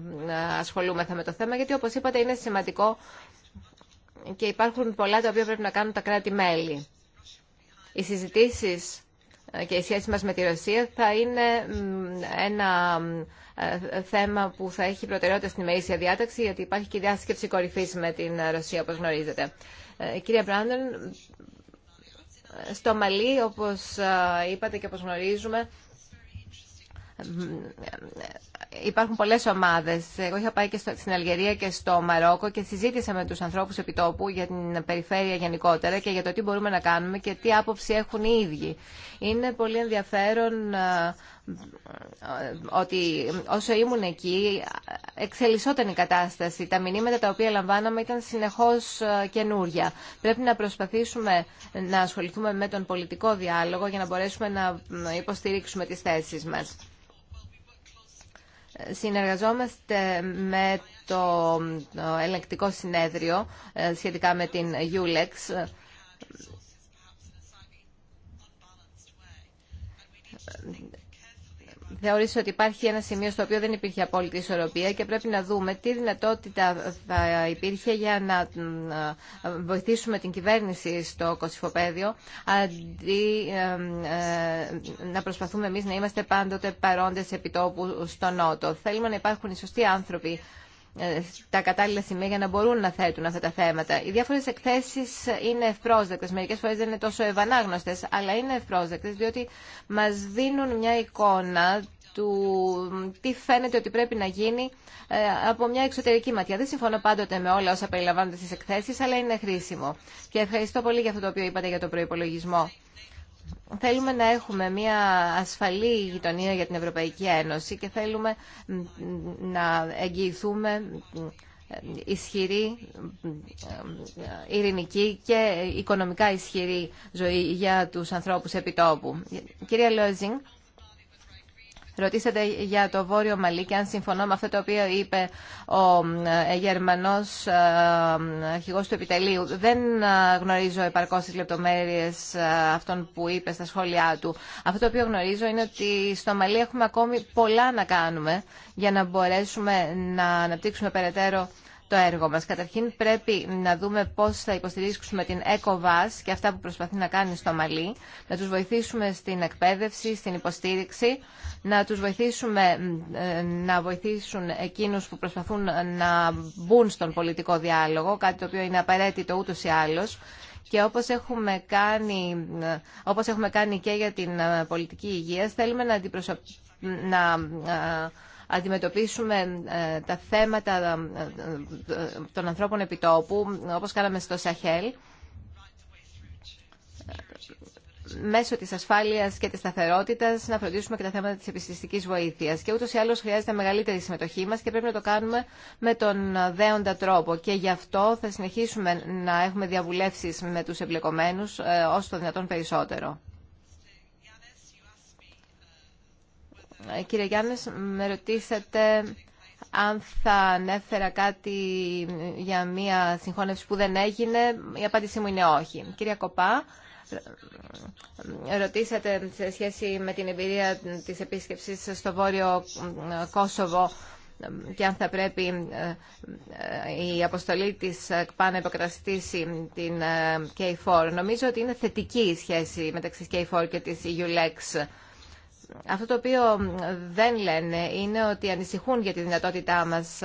ασχολούμεθα με το θέμα γιατί όπως είπατε είναι σημαντικό και υπάρχουν πολλά τα οποία πρέπει να κάνουν τα κράτη-μέλη. Οι συζητήσει ε, και η σχέση μας με τη Ρωσία θα είναι ένα ε, θέμα που θα έχει προτεραιότητα στην ημερήσια διάταξη, γιατί υπάρχει και η διάσκεψη κορυφής με την ε, Ρωσία, όπως γνωρίζετε. Κύριε Μπράντον, στο Μαλί, όπως είπατε και όπως γνωρίζουμε, υπάρχουν πολλέ ομάδε. Εγώ είχα πάει και στην Αλγερία και στο Μαρόκο και συζήτησα με του ανθρώπου επιτόπου για την περιφέρεια γενικότερα και για το τι μπορούμε να κάνουμε και τι άποψη έχουν οι ίδιοι. Είναι πολύ ενδιαφέρον ε, ε, ότι όσο ήμουν εκεί εξελισσόταν η κατάσταση. Τα μηνύματα τα οποία λαμβάναμε ήταν συνεχώς ε, καινούρια. Πρέπει να προσπαθήσουμε να ασχοληθούμε με τον πολιτικό διάλογο για να μπορέσουμε να υποστηρίξουμε τις θέσεις μας. Συνεργαζόμαστε με το ελεκτικό συνέδριο ε, σχετικά με την ULEX. Θεώρησε ότι υπάρχει ένα σημείο στο οποίο δεν υπήρχε απόλυτη ισορροπία και πρέπει να δούμε τι δυνατότητα θα υπήρχε για να ε, βοηθήσουμε την κυβέρνηση στο Κωσυφοπαίδιο αντί ε, να προσπαθούμε εμείς να είμαστε πάντοτε παρόντες επιτόπου στο Νότο. Θέλουμε να υπάρχουν οι σωστοί άνθρωποι ε, τα κατάλληλα σημεία για να μπορούν να θέτουν αυτά τα θέματα. Οι διάφορε εκθέσει είναι ευπρόσδεκτε. Μερικέ φορέ δεν είναι τόσο ευανάγνωστε, αλλά είναι ευπρόσδεκτε διότι μα δίνουν μια εικόνα του τι φαίνεται ότι πρέπει να γίνει ε, από μια εξωτερική ματιά. Δεν συμφωνώ πάντοτε με όλα όσα περιλαμβάνονται στι εκθέσει, αλλά είναι χρήσιμο. Και ευχαριστώ πολύ για αυτό το οποίο είπατε για τον προπολογισμό. Θέλουμε να έχουμε μια ασφαλή γειτονία για την Ευρωπαϊκή Ένωση και θέλουμε να εγγυηθούμε ισχυρή, ε, ειρηνική και οικονομικά ισχυρή ζωή για τους ανθρώπους επιτόπου. Κυρία Λόζινγκ, Ρωτήσατε για το Βόρειο Μαλί και αν συμφωνώ με αυτό το οποίο είπε ο ε, Γερμανός ε, αρχηγός του επιτελείου. Δεν ε, γνωρίζω επαρκώς τις λεπτομέρειες αυτών που είπε στα σχόλιά του. Αυτό το οποίο γνωρίζω είναι ότι στο Μαλί έχουμε ακόμη πολλά να κάνουμε για να μπορέσουμε να αναπτύξουμε περαιτέρω το έργο μας. Καταρχήν πρέπει να δούμε πώς θα υποστηρίξουμε την ΕΚΟΒΑΣ και αυτά που προσπαθεί να κάνει στο Μαλί, να τους βοηθήσουμε στην εκπαίδευση, στην υποστήριξη, να τους βοηθήσουμε ε, να βοηθήσουν εκείνους που προσπαθούν να μπουν στον πολιτικό διάλογο, κάτι το οποίο είναι απαραίτητο ούτως ή άλλως, και όπως έχουμε κάνει, ε, όπως έχουμε κάνει και για την ε, πολιτική υγεία, θέλουμε να, να αντιμετωπίσουμε ε, τα θέματα ε, ε, των ανθρώπων επιτόπου, όπως κάναμε στο Σαχέλ, μέσω της ασφάλειας και της σταθερότητας να φροντίσουμε και τα θέματα της επιστηστικής βοήθειας. Και ούτως ή άλλως χρειάζεται μεγαλύτερη συμμετοχή μας και πρέπει να το κάνουμε με τον δέοντα τρόπο. Και γι' αυτό θα συνεχίσουμε να έχουμε διαβουλεύσεις με τους εμπλεκομένους όσο το δυνατόν περισσότερο. Ε, κύριε Γιάννης, με ρωτήσατε αν θα ανέφερα κάτι για μία συγχώνευση που δεν έγινε. Η απάντησή μου είναι όχι. Κύριε Κοπά, ρωτήσατε σε σχέση με την εμπειρία της επίσκεψης στο Βόρειο Κόσοβο και αν θα πρέπει ε, ε, η αποστολή της ΚΠΑ να υποκραστήσει την K4. Νομίζω ότι είναι θετική η σχέση μεταξύ της K4 και της EULEX αυτό το οποίο δεν λένε είναι ότι ανησυχούν για τη δυνατότητά μας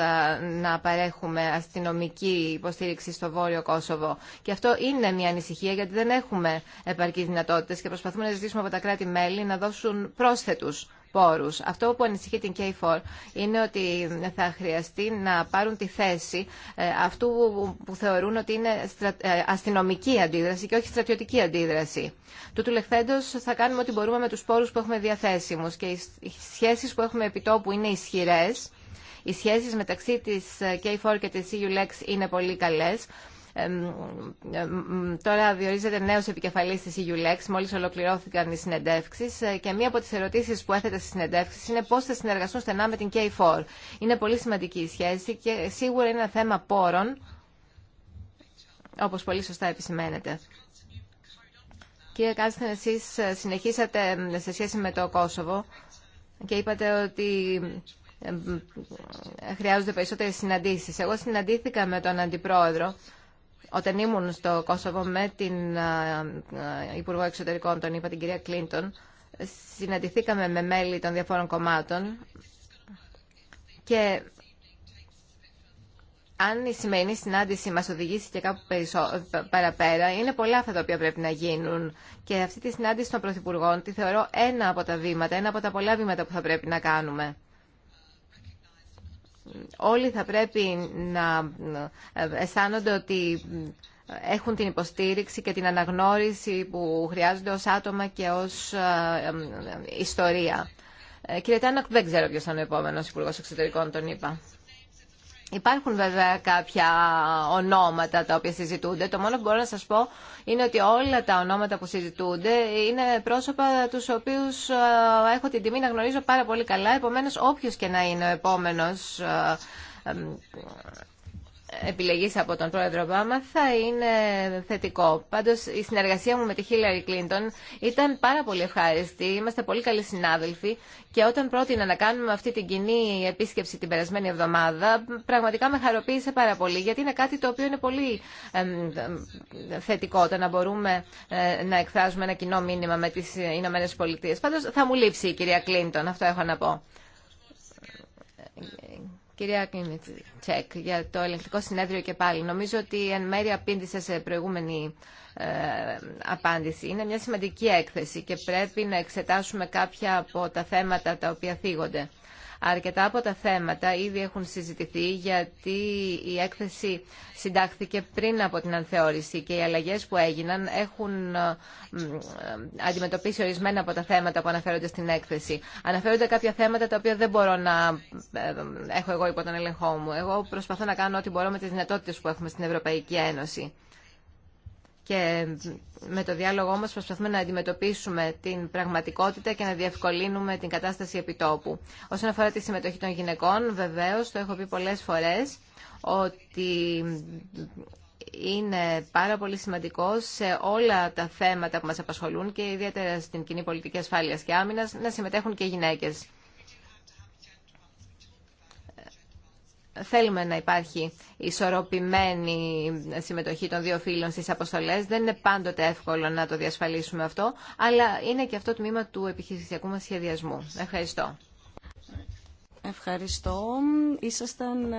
να παρέχουμε αστυνομική υποστήριξη στο Βόρειο Κόσοβο. Και αυτό είναι μια ανησυχία γιατί δεν έχουμε επαρκή δυνατότητες και προσπαθούμε να ζητήσουμε από τα κράτη-μέλη να δώσουν πρόσθετους πόρους. Αυτό που ανησυχεί την K4 είναι ότι θα χρειαστεί να πάρουν τη θέση ε, αυτού που θεωρούν ότι είναι ε, αστυνομική αντίδραση και όχι στρατιωτική αντίδραση. Τούτου λεχθέντο θα κάνουμε ό,τι μπορούμε με τους πόρους που έχουμε διαθέσιμου. και οι σχέσεις που έχουμε επιτόπου είναι ισχυρές. Οι σχέσεις μεταξύ της ε, K4 και της EULEX είναι πολύ καλές τώρα διορίζεται νέος επικεφαλής της EULEX, μόλις ολοκληρώθηκαν οι συνεντεύξεις ε, και μία από τις ερωτήσεις που έθετε στις συνεντεύξεις είναι πώς θα συνεργαστούν στενά με την K4. Είναι πολύ σημαντική η σχέση και σίγουρα είναι ένα θέμα πόρων, όπως πολύ σωστά επισημαίνεται. Κύριε Κάστιν, εσείς ε, συνεχίσατε σε σχέση με το Κόσοβο και είπατε ότι χρειάζονται περισσότερες συναντήσεις. Εγώ συναντήθηκα με τον Αντιπρόεδρο όταν ήμουν στο Κόσοβο με την ε, ε, Υπουργό Εξωτερικών, τον είπα την κυρία Κλίντον, συναντηθήκαμε με μέλη των διαφόρων κομμάτων και αν η σημερινή συνάντηση μας οδηγήσει και κάπου παραπέρα, είναι πολλά αυτά τα οποία πρέπει να γίνουν. Και αυτή τη συνάντηση των Πρωθυπουργών τη θεωρώ ένα από τα βήματα, ένα από τα πολλά βήματα που θα πρέπει να κάνουμε όλοι θα πρέπει να ε, αισθάνονται ότι έχουν την υποστήριξη και την αναγνώριση που χρειάζονται ως άτομα και ως ε, ε, ιστορία. Κύριε Τάνακ, δεν ξέρω ποιος θα είναι ο επόμενος Υπουργός Εξωτερικών, τον είπα. Υπάρχουν βέβαια κάποια ονόματα τα οποία συζητούνται. Το μόνο που μπορώ να σας πω είναι ότι όλα τα ονόματα που συζητούνται είναι πρόσωπα τους οποίους ε, έχω την τιμή να γνωρίζω πάρα πολύ καλά. Επομένως, όποιος και να είναι ο επόμενος ε, ε, επιλεγής από τον πρόεδρο Ομπάμα θα είναι θετικό. Πάντως η συνεργασία μου με τη Χίλαρη Κλίντον ήταν πάρα πολύ ευχάριστη. Είμαστε πολύ καλοί συνάδελφοι και όταν πρότεινα να κάνουμε αυτή την κοινή επίσκεψη την περασμένη εβδομάδα πραγματικά με χαροποίησε πάρα πολύ γιατί είναι κάτι το οποίο είναι πολύ θετικό όταν να μπορούμε ε, να εκφράζουμε ένα κοινό μήνυμα με τις Ηνωμένες Πολιτείες. Πάντως θα μου λείψει η κυρία Κλίντον, αυτό έχω να πω. Κυρία Κλινιτσέκ, για το ελεγκτικό συνέδριο και πάλι. Νομίζω ότι εν μέρει απήντησε σε προηγούμενη ε, απάντηση. Είναι μια σημαντική έκθεση και πρέπει να εξετάσουμε κάποια από τα θέματα τα οποία θίγονται. Αρκετά από τα θέματα ήδη έχουν συζητηθεί γιατί η έκθεση συντάχθηκε πριν από την ανθεώρηση και οι αλλαγές που έγιναν έχουν ε, ε, αντιμετωπίσει ορισμένα από τα θέματα που αναφέρονται στην έκθεση. Αναφέρονται κάποια θέματα τα οποία δεν μπορώ να ε, έχω εγώ υπό τον ελεγχό μου. Εγώ προσπαθώ να κάνω ό,τι μπορώ με τις δυνατότητες που έχουμε στην Ευρωπαϊκή Ένωση και με το διάλογό μας προσπαθούμε να αντιμετωπίσουμε την πραγματικότητα και να διευκολύνουμε την κατάσταση επιτόπου. Όσον αφορά τη συμμετοχή των γυναικών, βεβαίως, το έχω πει πολλές φορές, ότι είναι πάρα πολύ σημαντικό σε όλα τα θέματα που μας απασχολούν και ιδιαίτερα στην κοινή πολιτική ασφάλειας και άμυνας να συμμετέχουν και γυναίκες. Θέλουμε να υπάρχει ισορροπημένη συμμετοχή των δύο φίλων στις αποστολές. Δεν είναι πάντοτε εύκολο να το διασφαλίσουμε αυτό, αλλά είναι και αυτό το τμήμα του επιχειρησιακού μας σχεδιασμού. Ευχαριστώ. Ευχαριστώ. Ήσασταν ε,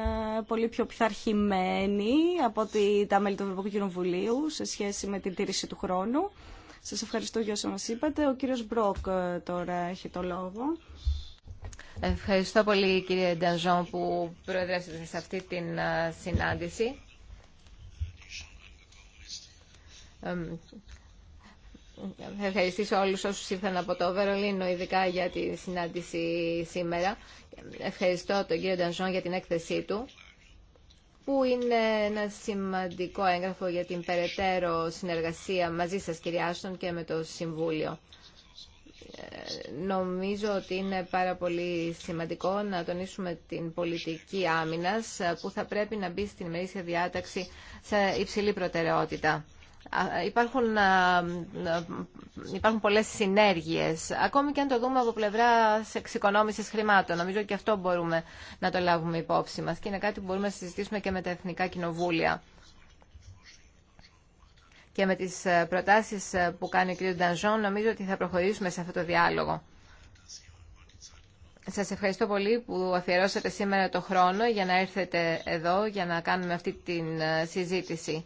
πολύ πιο πειθαρχημένοι από τη, τα μέλη του Ευρωπαϊκού Κοινοβουλίου σε σχέση με την τήρηση του χρόνου. Σας ευχαριστώ για όσα μας είπατε. Ο κύριος Μπρόκ ε, τώρα έχει το λόγο. Ευχαριστώ πολύ κύριε Νταζόν που προεδρεύσατε σε αυτή την συνάντηση. Θα ευχαριστήσω όλους όσους ήρθαν από το Βερολίνο, ειδικά για τη συνάντηση σήμερα. Ευχαριστώ τον κύριο Νταζόν για την έκθεσή του που είναι ένα σημαντικό έγγραφο για την περαιτέρω συνεργασία μαζί σας, κυρία Άστον, και με το Συμβούλιο. Νομίζω ότι είναι πάρα πολύ σημαντικό να τονίσουμε την πολιτική άμυνας που θα πρέπει να μπει στην ημερήσια διάταξη σε υψηλή προτεραιότητα. Υπάρχουν, υπάρχουν πολλές συνέργειες, ακόμη και αν το δούμε από πλευρά εξοικονόμησης χρημάτων. Νομίζω και αυτό μπορούμε να το λάβουμε υπόψη μας και είναι κάτι που μπορούμε να συζητήσουμε και με τα Εθνικά Κοινοβούλια και με τις ε, προτάσεις ε, που κάνει ο κ. Ντανζόν νομίζω ότι θα προχωρήσουμε σε αυτό το διάλογο. Σας ευχαριστώ πολύ που αφιερώσατε σήμερα το χρόνο για να έρθετε εδώ για να κάνουμε αυτή τη ε, συζήτηση.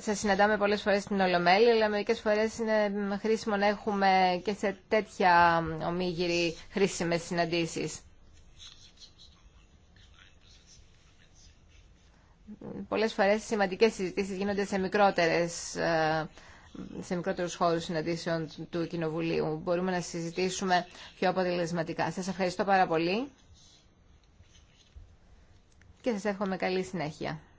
Σας συναντάμε πολλές φορές στην Ολομέλη, αλλά μερικές φορές είναι χρήσιμο να έχουμε και σε τέτοια ομίγυρη χρήσιμες συναντήσεις. πολλές φορές σημαντικές συζητήσεις γίνονται σε μικρότερες ε, σε μικρότερους χώρους συναντήσεων του Κοινοβουλίου. Μπορούμε να συζητήσουμε πιο αποτελεσματικά. Σας ευχαριστώ πάρα πολύ και σας εύχομαι καλή συνέχεια.